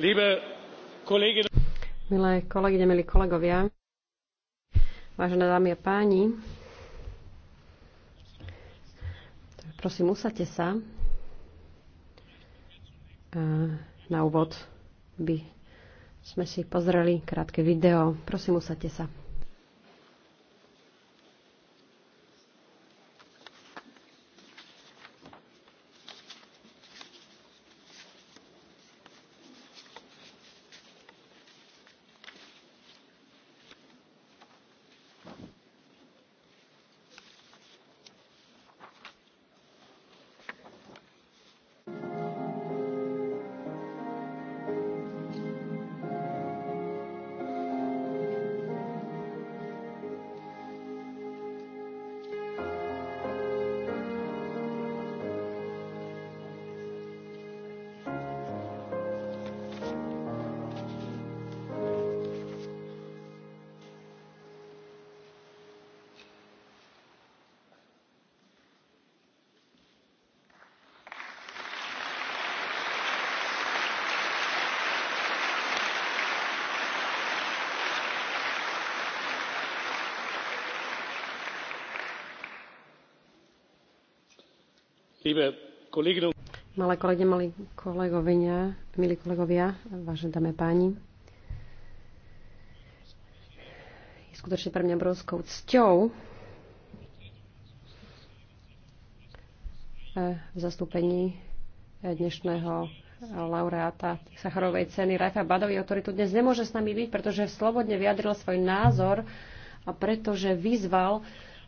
Milé kolegyne, milí kolegovia, vážené dámy a páni, prosím, usadte sa. na úvod by sme si pozreli krátke video. Prosím, usadte sa. Malé kolegyne, kolegovia, milí kolegovia, vážené páni. Je skutočne pre mňa obrovskou cťou eh, v zastúpení eh, dnešného laureáta Sacharovej ceny Rafa Badovi, ktorý tu dnes nemôže s nami byť, pretože slobodne vyjadril svoj názor a pretože vyzval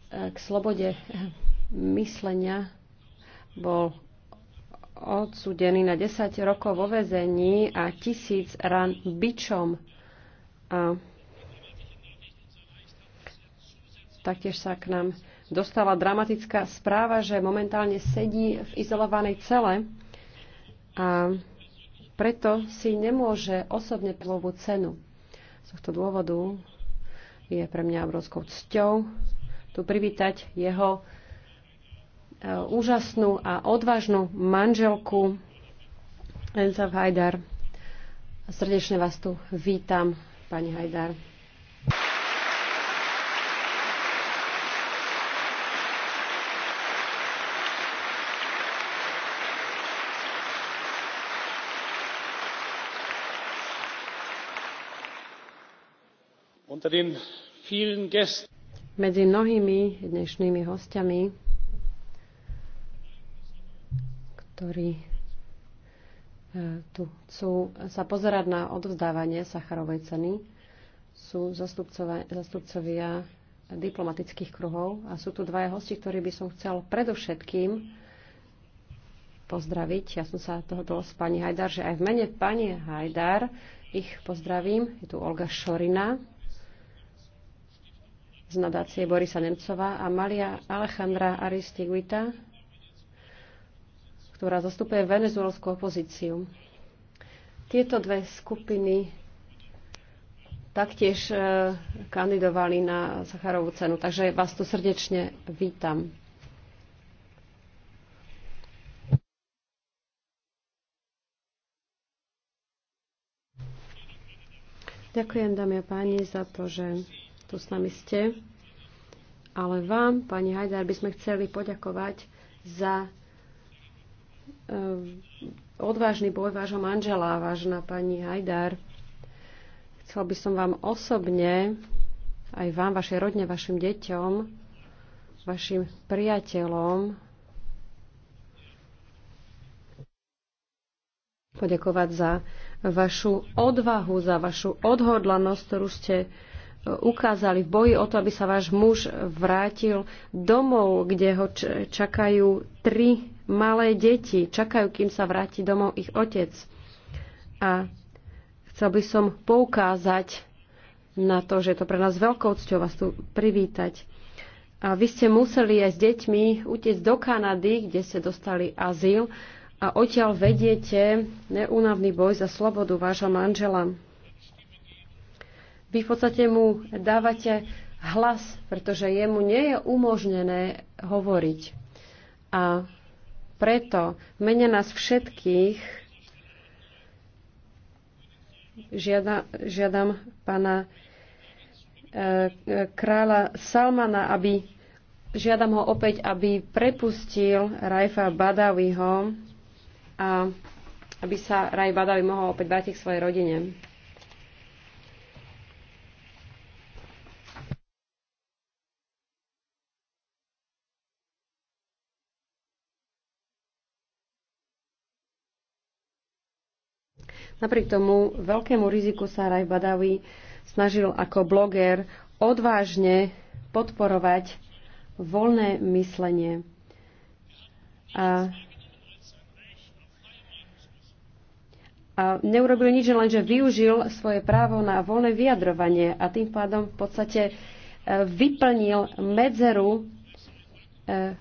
eh, k slobode myslenia bol odsudený na 10 rokov vo vezení a tisíc ran bičom. A taktiež sa k nám dostala dramatická správa, že momentálne sedí v izolovanej cele a preto si nemôže osobne plovú cenu. Z tohto dôvodu je pre mňa obrovskou cťou tu privítať jeho Eh, úžasnú a odvážnu manželku Enza Hajdar. Srdečne vás tu vítam, pani Hajdar. Medzi mnohými dnešnými hostiami ktorí e, tu chcú sa pozerať na odvzdávanie Sacharovej ceny, sú zastupcovia diplomatických kruhov a sú tu dvaja hosti, ktorí by som chcel predovšetkým pozdraviť. Ja som sa toho dolo s pani Hajdar, že aj v mene pani Hajdar ich pozdravím. Je tu Olga Šorina z nadácie Borisa Nemcova a Malia Alejandra Aristiguita ktorá zastupuje venezuelskú opozíciu. Tieto dve skupiny taktiež e, kandidovali na Sacharovú cenu, takže vás tu srdečne vítam. Ďakujem, dámy a páni, za to, že tu s nami ste. Ale vám, pani Hajdar, by sme chceli poďakovať za Eh, odvážny boj vášho manžela, vážna pani Hajdar. Chcel by som vám osobne, aj vám, vašej rodne, vašim deťom, vašim priateľom poďakovať za vašu odvahu, za vašu odhodlanosť, ktorú ste eh, ukázali v boji o to, aby sa váš muž vrátil domov, kde ho čakajú tri malé deti čakajú, kým sa vráti domov ich otec. A chcel by som poukázať na to, že je to pre nás veľkou cťou vás tu privítať. A vy ste museli aj s deťmi utiecť do Kanady, kde ste dostali azyl a odtiaľ vediete neúnavný boj za slobodu vášho manžela. Vy v podstate mu dávate hlas, pretože jemu nie je umožnené hovoriť. A preto mene nás všetkých žiada, žiadam pána e, e, kráľa Salmana, aby žiadam ho opäť, aby prepustil Rajfa Badawiho a aby sa Raj Badawi mohol opäť vrátiť k svojej rodine. Napriek tomu veľkému riziku sa Raj Badawi snažil ako bloger odvážne podporovať voľné myslenie. A, a neurobil nič, len že využil svoje právo na voľné vyjadrovanie a tým pádom v podstate e, vyplnil medzeru, e,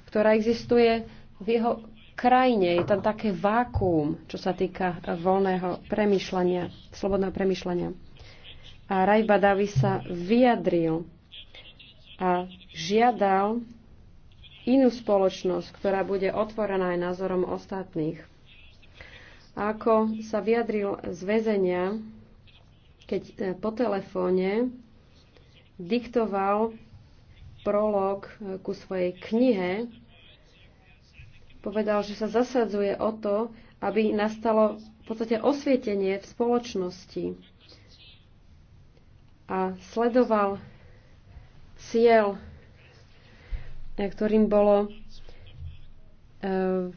ktorá existuje v jeho krajine. Je tam také vákuum, čo sa týka eh, voľného premýšľania, slobodného premyšľania. A Raj Badavi sa vyjadril a žiadal inú spoločnosť, ktorá bude otvorená aj názorom ostatných. A ako sa vyjadril z väzenia, keď eh, po telefóne diktoval prolog eh, ku svojej knihe, povedal, že sa zasadzuje o to, aby nastalo v podstate osvietenie v spoločnosti a sledoval cieľ, eh, ktorým bolo eh,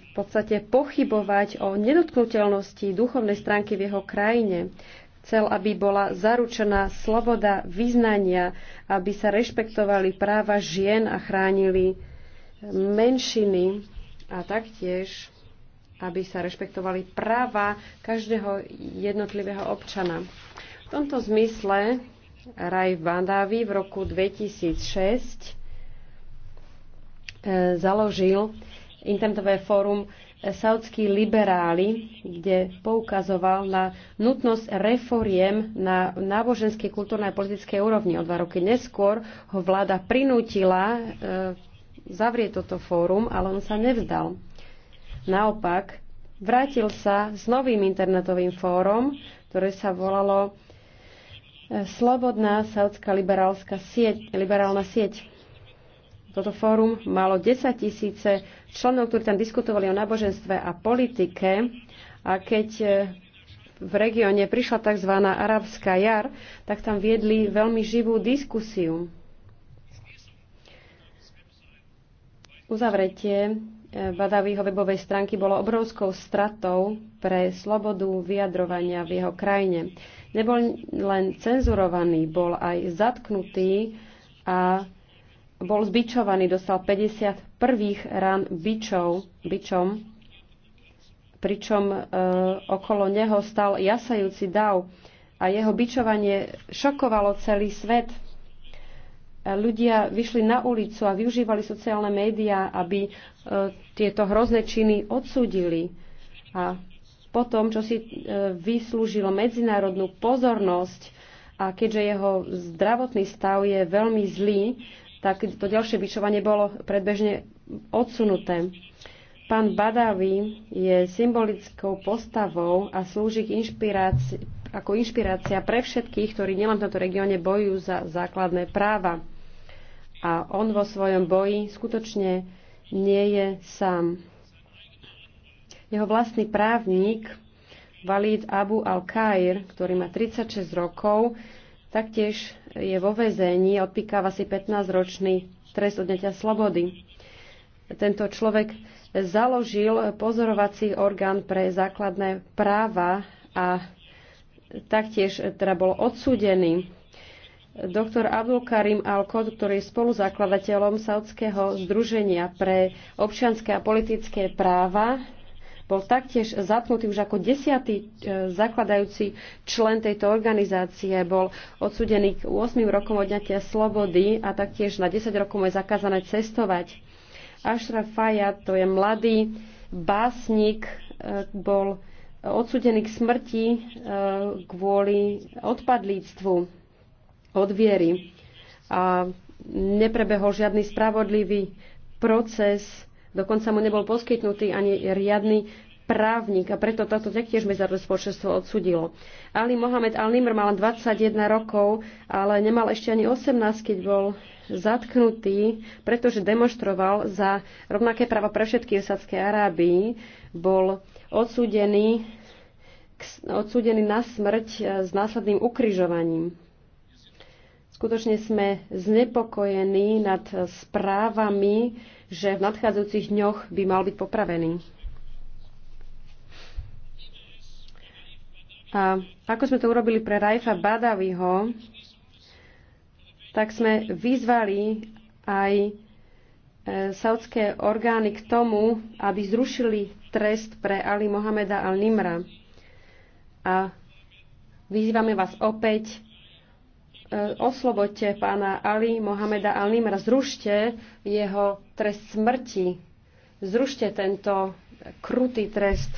v podstate pochybovať o nedotknutelnosti duchovnej stránky v jeho krajine. Chcel, aby bola zaručená sloboda vyznania, aby sa rešpektovali práva žien a chránili menšiny a taktiež, aby sa rešpektovali práva každého jednotlivého občana. V tomto zmysle Raj v v roku 2006 eh, založil internetové fórum saudskí liberáli, kde poukazoval na nutnosť reforiem na náboženskej, kultúrnej a politickej úrovni. O dva roky neskôr ho vláda prinútila eh, zavrie toto fórum, ale on sa nevzdal. Naopak, vrátil sa s novým internetovým fórum, ktoré sa volalo e, Slobodná saudská sieť, liberálna sieť. Toto fórum malo 10 tisíce členov, ktorí tam diskutovali o náboženstve a politike. A keď e, v regióne prišla tzv. arabská jar, tak tam viedli veľmi živú diskusiu. Uzavretie e, Badavýho webovej stránky bolo obrovskou stratou pre slobodu vyjadrovania v jeho krajine. Nebol len cenzurovaný, bol aj zatknutý a bol zbičovaný, dostal 50 prvých rán bičov, bičom, pričom e, okolo neho stal jasajúci dav a jeho bičovanie šokovalo celý svet ľudia vyšli na ulicu a využívali sociálne médiá, aby e, tieto hrozné činy odsúdili. A potom, čo si e, vyslúžilo medzinárodnú pozornosť a keďže jeho zdravotný stav je veľmi zlý, tak to ďalšie vyšovanie bolo predbežne odsunuté. Pán Badawi je symbolickou postavou a slúži k inšpirácii ako inšpirácia pre všetkých, ktorí nielen v tomto regióne bojujú za základné práva. A on vo svojom boji skutočne nie je sám. Jeho vlastný právnik, Valid Abu Al-Kair, ktorý má 36 rokov, taktiež je vo väzení odpíkáva si 15-ročný trest odňatia slobody. Tento človek založil pozorovací orgán pre základné práva a taktiež e, teda bol odsúdený. Doktor Abdul Karim Al-Kod, ktorý je spoluzakladateľom Saudského združenia pre občianské a politické práva, bol taktiež zatknutý už ako desiatý e, zakladajúci člen tejto organizácie. Bol odsudený k 8 rokom odňatia slobody a taktiež na 10 rokov je zakázané cestovať. Ashraf Fayyad, to je mladý básnik, e, bol odsudení k smrti e, kvôli odpadlíctvu od viery. A neprebehol žiadny spravodlivý proces, dokonca mu nebol poskytnutý ani riadny právnik a preto toto taktiež medzinárodné spoločenstvo odsudilo. Ali Mohamed Al-Nimr mal 21 rokov, ale nemal ešte ani 18, keď bol zatknutý, pretože demonstroval za rovnaké práva pre všetky v Sádskej Arábii. Bol odsúdený, odsúdený na smrť e, s následným ukryžovaním. Skutočne sme znepokojení nad e, správami, že v nadchádzajúcich dňoch by mal byť popravený. A ako sme to urobili pre Rajfa Badaviho, tak sme vyzvali aj e, saudské orgány k tomu, aby zrušili trest pre Ali Mohameda Al-Nimra. A vyzývame vás opäť, e, osloboďte pána Ali Mohameda Al-Nimra, zrušte jeho trest smrti, zrušte tento krutý trest.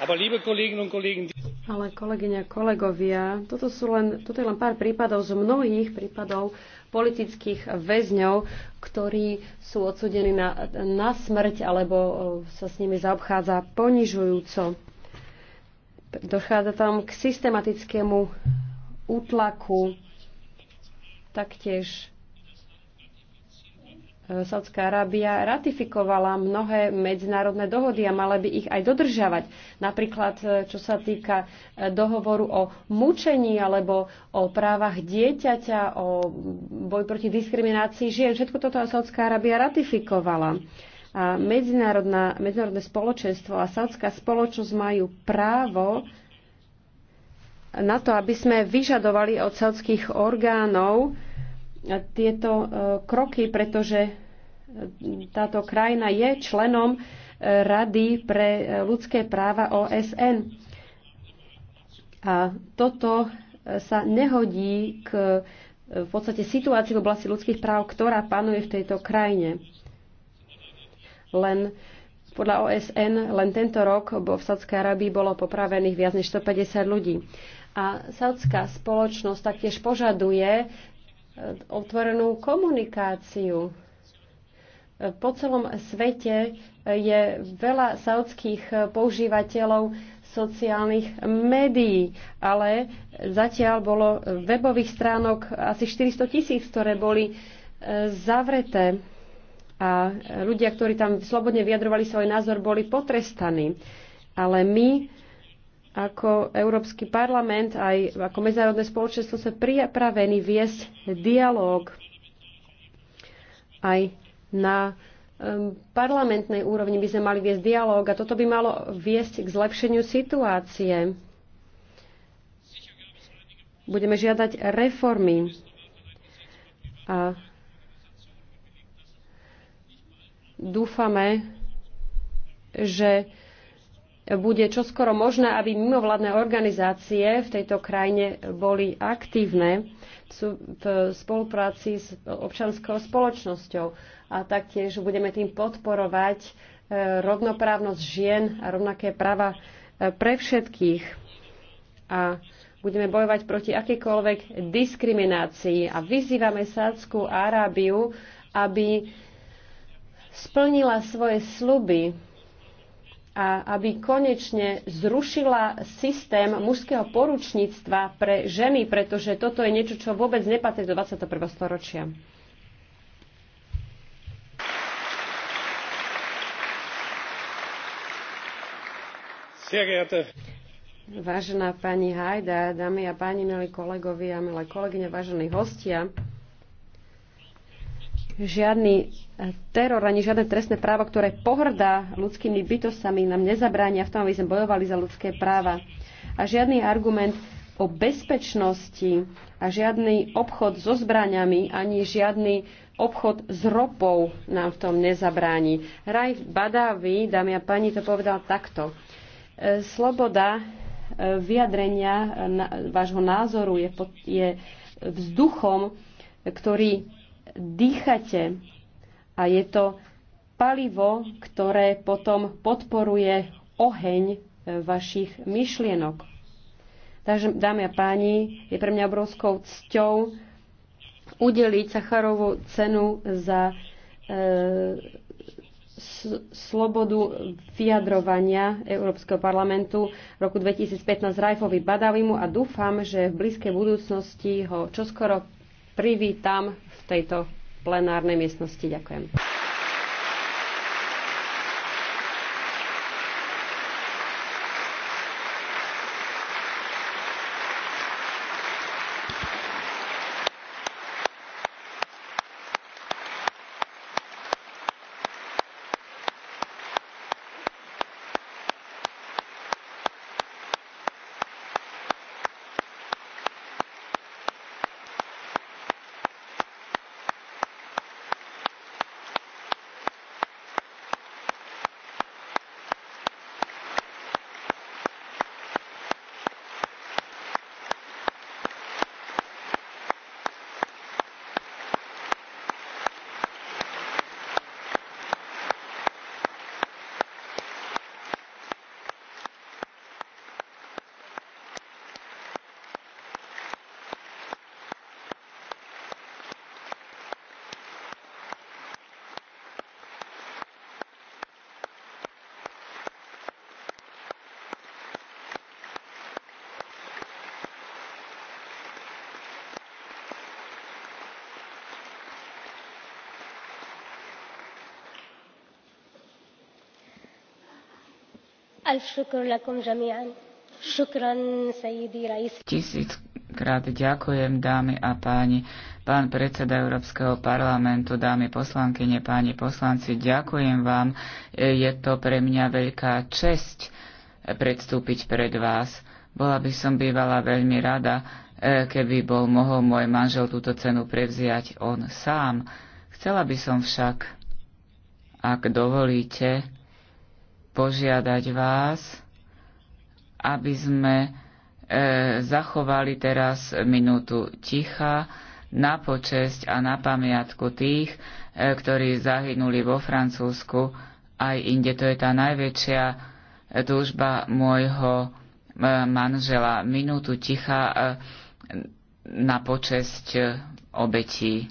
Ale a kolegovia, toto, sú len, toto je len pár prípadov z mnohých prípadov politických väzňov, ktorí sú odsudení na, na smrť alebo e, sa s nimi zaobchádza ponižujúco. Dochádza tam k systematickému útlaku, taktiež Saudská Arábia ratifikovala mnohé medzinárodné dohody a mala by ich aj dodržiavať. Napríklad, e, čo sa týka e, dohovoru o mučení alebo o právach dieťaťa, o boj proti diskriminácii žien. Všetko toto Saudská Arábia ratifikovala. A medzinárodné spoločenstvo a saudská spoločnosť majú právo na to, aby sme vyžadovali od saudských orgánov tieto e, kroky, pretože e, táto krajina je členom e, Rady pre ľudské práva OSN. A toto sa nehodí k v podstate situácii v oblasti ľudských práv, ktorá panuje v tejto krajine. Len podľa OSN len tento rok v Sádskej Arabii bolo popravených viac než 150 ľudí. A sádska spoločnosť taktiež požaduje otvorenú komunikáciu. Po celom svete je veľa saudských používateľov sociálnych médií, ale zatiaľ bolo webových stránok asi 400 tisíc, ktoré boli e, zavreté a ľudia, ktorí tam slobodne vyjadrovali svoj názor, boli potrestaní. Ale my ako Európsky parlament, aj ako medzinárodné spoločenstvo sme pripravení viesť dialog aj na parlamentnej úrovni by sme mali viesť dialog a toto by malo viesť k zlepšeniu situácie. Budeme žiadať reformy. A dúfame, že bude čoskoro možné, aby mimovládne organizácie v tejto krajine boli aktívne v spolupráci s občanskou spoločnosťou. A taktiež budeme tým podporovať e, rovnoprávnosť žien a rovnaké práva e, pre všetkých. A budeme bojovať proti akýkoľvek diskriminácii. A vyzývame Sádskú Arábiu, aby splnila svoje sluby a aby konečne zrušila systém mužského poručníctva pre ženy, pretože toto je niečo, čo vôbec nepatrí do 21. storočia. Vážená pani Hajda, dámy a páni, milí kolegovia, milé kolegyne, vážení hostia, žiadny e, teror ani žiadne trestné právo, ktoré pohrdá ľudskými bytostami, nám nezabránia v tom, aby sme bojovali za ľudské práva. A žiadny argument o bezpečnosti a žiadny obchod so zbraniami ani žiadny obchod s ropou nám v tom nezabráni. Raj Badavi, dámy a pani, to povedal takto. E, sloboda e, vyjadrenia vášho názoru je, pod, je vzduchom, ktorý dýchate. A je to palivo, ktoré potom podporuje oheň e, vašich myšlienok. Takže, dámy a páni, je pre mňa obrovskou cťou udeliť Sacharovú cenu za e, slobodu vyjadrovania Európskeho parlamentu v roku 2015 Rajfovi Badavimu a dúfam, že v blízkej budúcnosti ho čoskoro privítam tejto plenárnej miestnosti. Ďakujem. Tisíckrát ďakujem, dámy a páni. Pán predseda Európskeho parlamentu, dámy poslankyne, páni poslanci, ďakujem vám. Je to pre mňa veľká česť predstúpiť pred vás. Bola by som bývala veľmi rada, e, keby bol mohol môj manžel túto cenu prevziať on sám. Chcela by som však, ak dovolíte, požiadať vás, aby sme e, zachovali teraz minútu ticha na počesť a na pamiatku tých, e, ktorí zahynuli vo Francúzsku aj inde. To je tá najväčšia e, túžba môjho e, manžela. Minútu ticha e, na počesť e, obetí.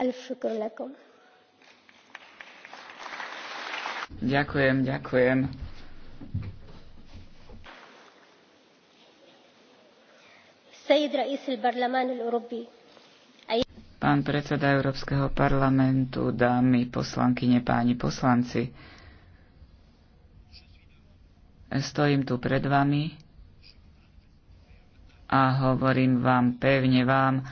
ألف شكر لكم Ďakujem, ďakujem. Pán predseda Európskeho parlamentu, dámy poslankyne, páni poslanci, stojím tu pred vami a hovorím vám pevne vám,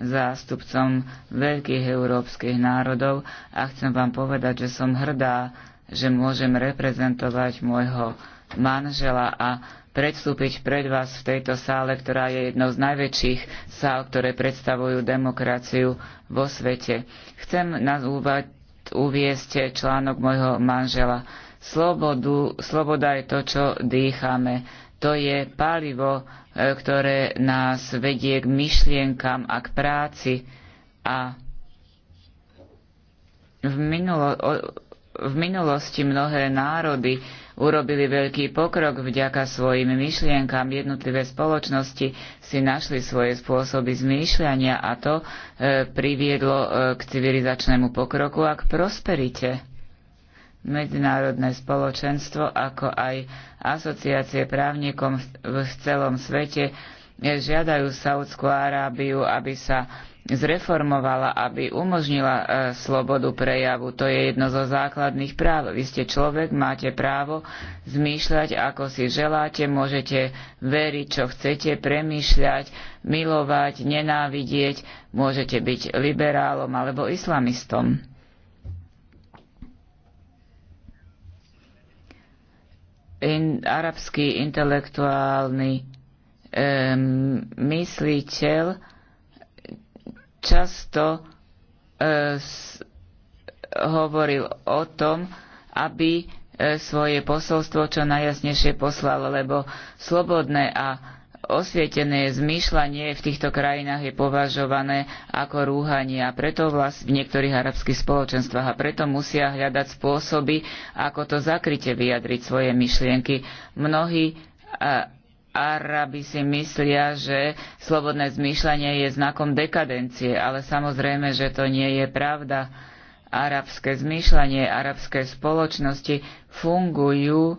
zástupcom veľkých európskych národov a chcem vám povedať, že som hrdá, že môžem reprezentovať môjho manžela a predstúpiť pred vás v tejto sále, ktorá je jednou z najväčších sál, ktoré predstavujú demokraciu vo svete. Chcem na úvod uviesť článok môjho manžela. Slobodu, sloboda je to, čo dýchame. To je palivo, E, ktoré nás vedie k myšlienkam a k práci. A v, minulo, v minulosti mnohé národy urobili veľký pokrok vďaka svojim myšlienkam. Jednotlivé spoločnosti si našli svoje spôsoby zmýšľania a to e, priviedlo e, k civilizačnému pokroku a k prosperite medzinárodné spoločenstvo, ako aj asociácie právnikom v celom svete e, žiadajú Saudskú Arábiu, aby sa zreformovala, aby umožnila e, slobodu prejavu. To je jedno zo základných práv. Vy ste človek, máte právo zmýšľať, ako si želáte, môžete veriť, čo chcete, premýšľať, milovať, nenávidieť, môžete byť liberálom alebo islamistom. in, arabský intelektuálny um, mysliteľ často uh, s, hovoril o tom, aby uh, svoje posolstvo čo najjasnejšie poslal, lebo slobodné a osvietené zmýšľanie v týchto krajinách je považované ako rúhanie a preto vlast v niektorých arabských spoločenstvách a preto musia hľadať spôsoby, ako to zakryte vyjadriť svoje myšlienky. Mnohí Arabi si myslia, že slobodné zmýšľanie je znakom dekadencie, ale samozrejme, že to nie je pravda. Arabské zmýšľanie, arabské spoločnosti fungujú e,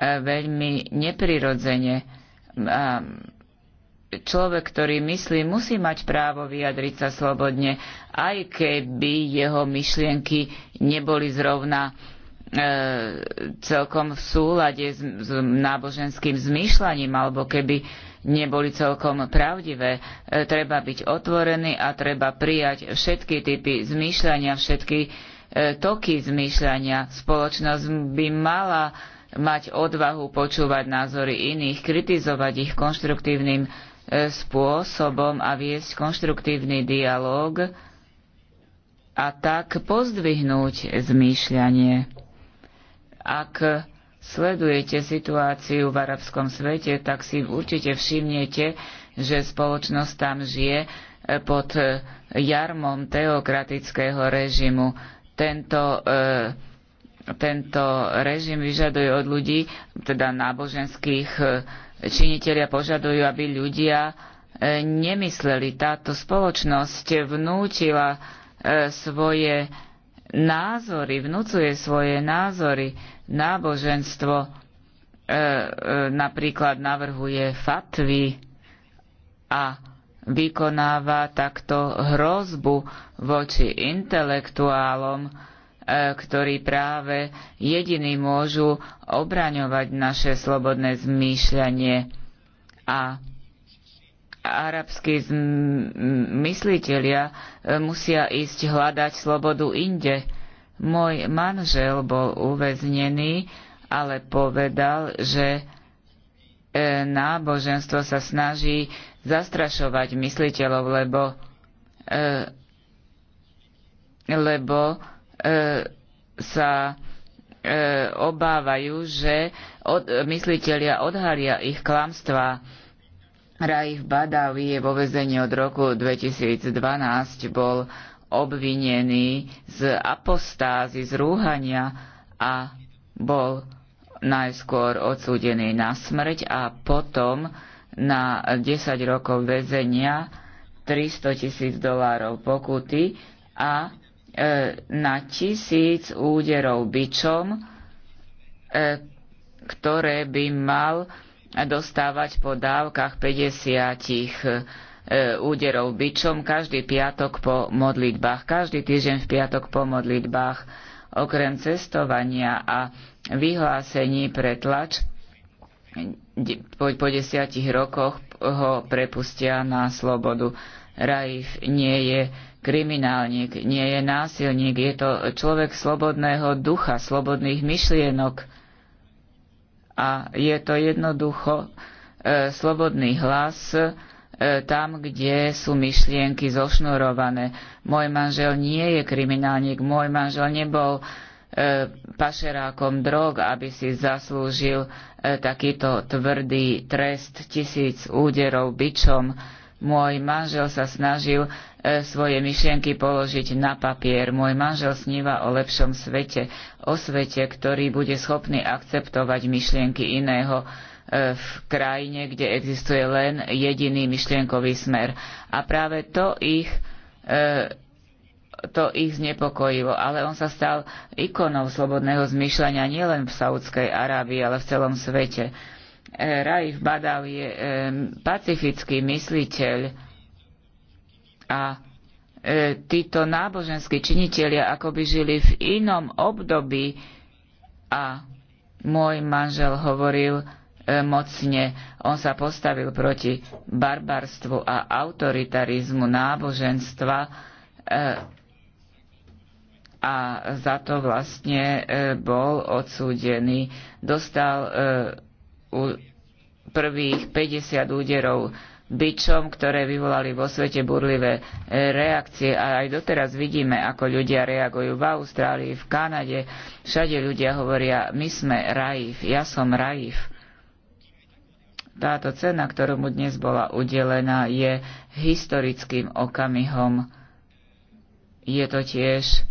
veľmi neprirodzene človek, ktorý myslí, musí mať právo vyjadriť sa slobodne, aj keby jeho myšlienky neboli zrovna e, celkom v súlade s, náboženským zmýšľaním, alebo keby neboli celkom pravdivé. E, treba byť otvorený a treba prijať všetky typy zmýšľania, všetky e, toky zmýšľania. Spoločnosť by mala mať odvahu počúvať názory iných, kritizovať ich konštruktívnym e, spôsobom a viesť konštruktívny dialog a tak pozdvihnúť zmýšľanie. Ak sledujete situáciu v arabskom svete, tak si určite všimnete, že spoločnosť tam žije e, pod jarmom teokratického režimu. Tento e, tento režim vyžaduje od ľudí, teda náboženských e, činiteľia požadujú, aby ľudia e, nemysleli. Táto spoločnosť vnúčila e, svoje názory, vnúcuje svoje názory. Náboženstvo napríklad navrhuje fatvy a vykonáva takto hrozbu voči intelektuálom, E, ktorí práve jediní môžu obraňovať naše slobodné zmýšľanie. A arabskí mysliteľia e, musia ísť hľadať slobodu inde. Môj manžel bol uväznený, ale povedal, že e, náboženstvo sa snaží zastrašovať mysliteľov, lebo, lebo E, sa e, obávajú, že od, mysliteľia odhalia ich klamstvá. Raif Badawi je vo vezení od roku 2012, bol obvinený z apostázy, z rúhania a bol najskôr odsúdený na smrť a potom na 10 rokov väzenia, 300 tisíc dolárov pokuty a E, na tisíc úderov bičom, e, ktoré by mal dostávať po dávkach 50 e, úderov bičom každý piatok po modlitbách, každý týždeň v piatok po modlitbách. Okrem cestovania a vyhlásení pre tlač po, desiatich rokoch ho prepustia na slobodu. Raif nie je kriminálnik, nie je násilník, je to človek slobodného ducha, slobodných myšlienok a je to jednoducho e, slobodný hlas e, tam, kde sú myšlienky zošnurované. Môj manžel nie je kriminálnik, môj manžel nebol e, pašerákom drog, aby si zaslúžil e, takýto tvrdý trest tisíc úderov bičom. E, môj manžel sa snažil e, svoje myšlienky položiť na papier. Môj manžel sníva o lepšom svete, o svete, ktorý bude schopný akceptovať myšlienky iného e, v krajine, kde existuje len jediný myšlienkový smer. A práve to ich e, to ich znepokojilo, ale on sa stal ikonou slobodného zmyšľania nielen v Saudskej Arábii, ale v celom svete. Raif Badal je pacifický mysliteľ a e, títo náboženskí činitelia akoby žili v inom období a môj manžel hovoril e, mocne. On sa postavil proti barbarstvu a autoritarizmu náboženstva e, a za to vlastne bol odsúdený. Dostal prvých 50 úderov bičom, ktoré vyvolali vo svete burlivé e, reakcie. A aj doteraz vidíme, ako ľudia reagujú v Austrálii, v Kanade. Všade ľudia hovoria, my sme Raif, ja som Raif. Táto cena, ktorú mu dnes bola udelená, je historickým okamihom. Je to tiež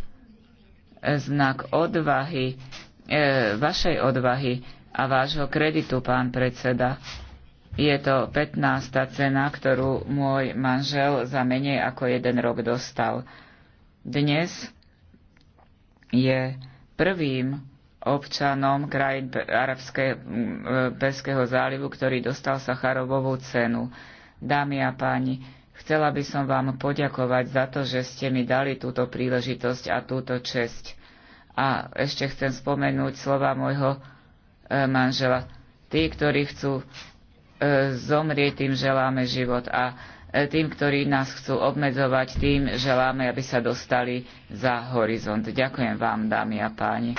znak odvahy, e, vašej odvahy, a vášho kreditu, pán predseda. Je to 15. cena, ktorú môj manžel za menej ako jeden rok dostal. Dnes je prvým občanom krajín Arabského e, zálivu, ktorý dostal Sacharovovú cenu. Dámy a páni, chcela by som vám poďakovať za to, že ste mi dali túto príležitosť a túto česť. A ešte chcem spomenúť slova môjho E, manžela. Tí, ktorí chcú e, zomrieť, tým želáme život a e, tým, ktorí nás chcú obmedzovať, tým želáme, aby sa dostali za horizont. Ďakujem vám, dámy a páni.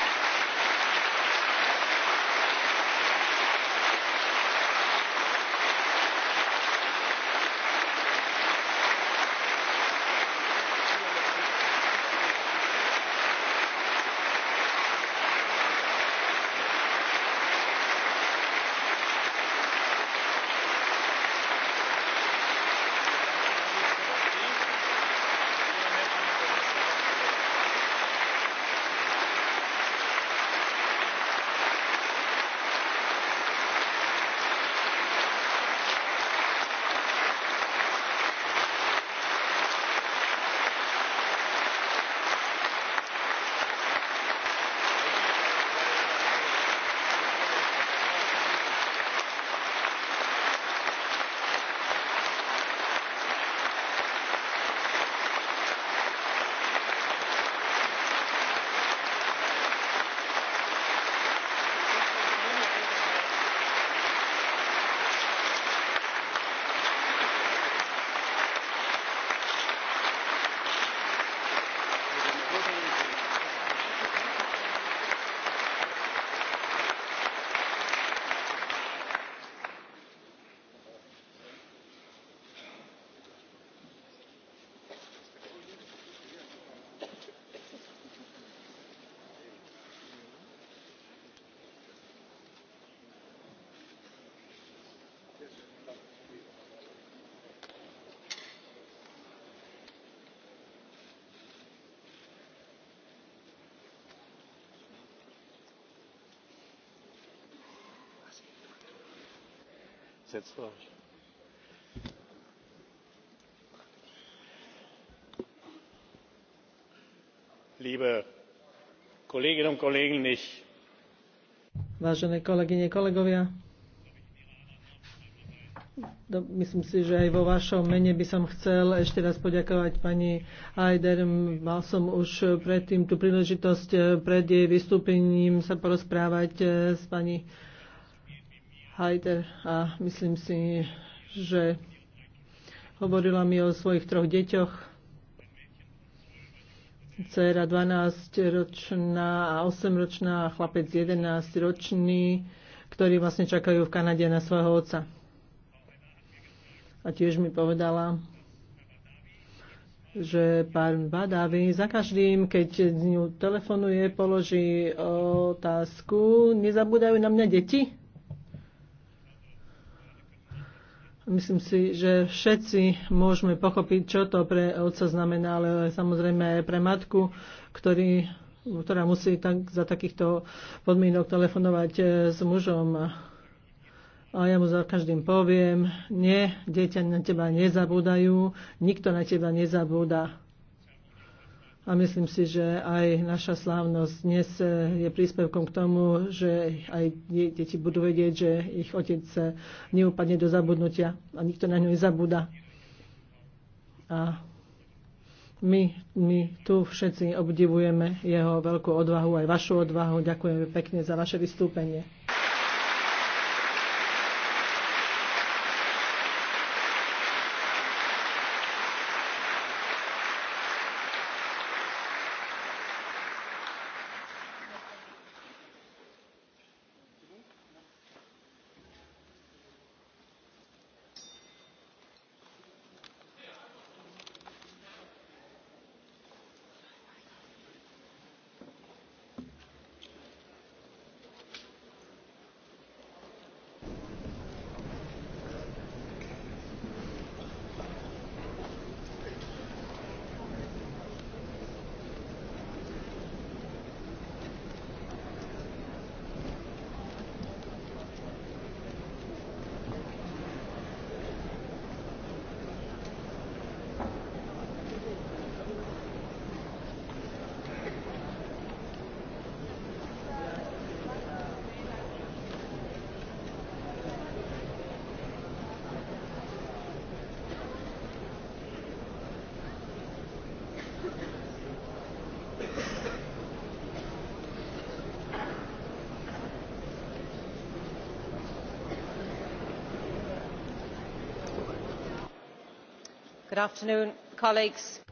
liebe kolleginnen und kollegen! ich vážené kolegyne kolegovia myslím si že aj vo vašom mene by som chcel ešte raz poďakovať pani Ajder. Mal som už predtým tú príležitosť pred jej vystúpením sa porozprávať eh, s pani Haider a myslím si, že hovorila mi o svojich troch deťoch. Cera 12-ročná a 8-ročná a chlapec 11-ročný, ktorí vlastne čakajú v Kanade na svojho otca. A tiež mi povedala, že pán Badavi za každým, keď z ňu telefonuje, položí otázku, nezabúdajú na mňa deti? Myslím si, že všetci môžeme pochopiť, čo to pre otca znamená, ale samozrejme aj pre matku, ktorý, ktorá musí tak, za takýchto podmienok telefonovať e, s mužom. A ja mu za každým poviem, nie, dieťa na teba nezabúdajú, nikto na teba nezabúda. A myslím si, že aj naša slávnosť dnes eh, je príspevkom k tomu, že aj deti budú vedieť, že ich otec eh, neupadne do zabudnutia a nikto na ňu nezabúda. A my, my tu všetci obdivujeme jeho veľkú odvahu, aj vašu odvahu. Ďakujeme pekne za vaše vystúpenie.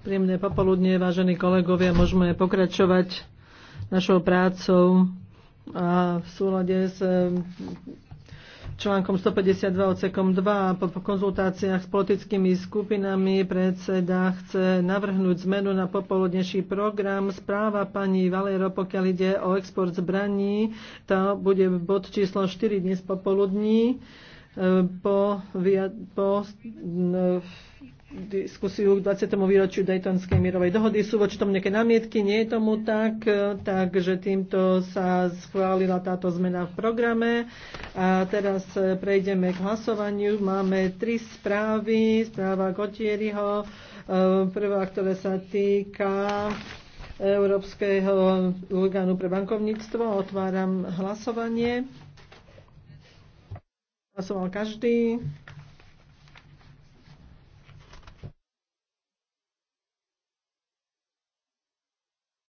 Príjemné popoludne, vážení kolegovia, môžeme pokračovať našou prácou a v súlade s eh, článkom 152 odsekom 2 po, po konzultáciách s politickými skupinami predseda chce navrhnúť zmenu na popoludnejší program. Správa pani Valero, pokiaľ ide o export zbraní, to bude bod číslo 4 dnes popoludní eh, po, po eh, diskusiu k 20. výročiu Daytonskej mirovej dohody. Sú voči tomu nejaké námietky? Nie je tomu tak. E, Takže týmto sa schválila táto zmena v programe. A teraz e, prejdeme k hlasovaniu. Máme tri správy. Správa Gotieriho. E, prvá, ktorá sa týka Európskeho orgánu pre bankovníctvo. Otváram hlasovanie. Hlasoval každý.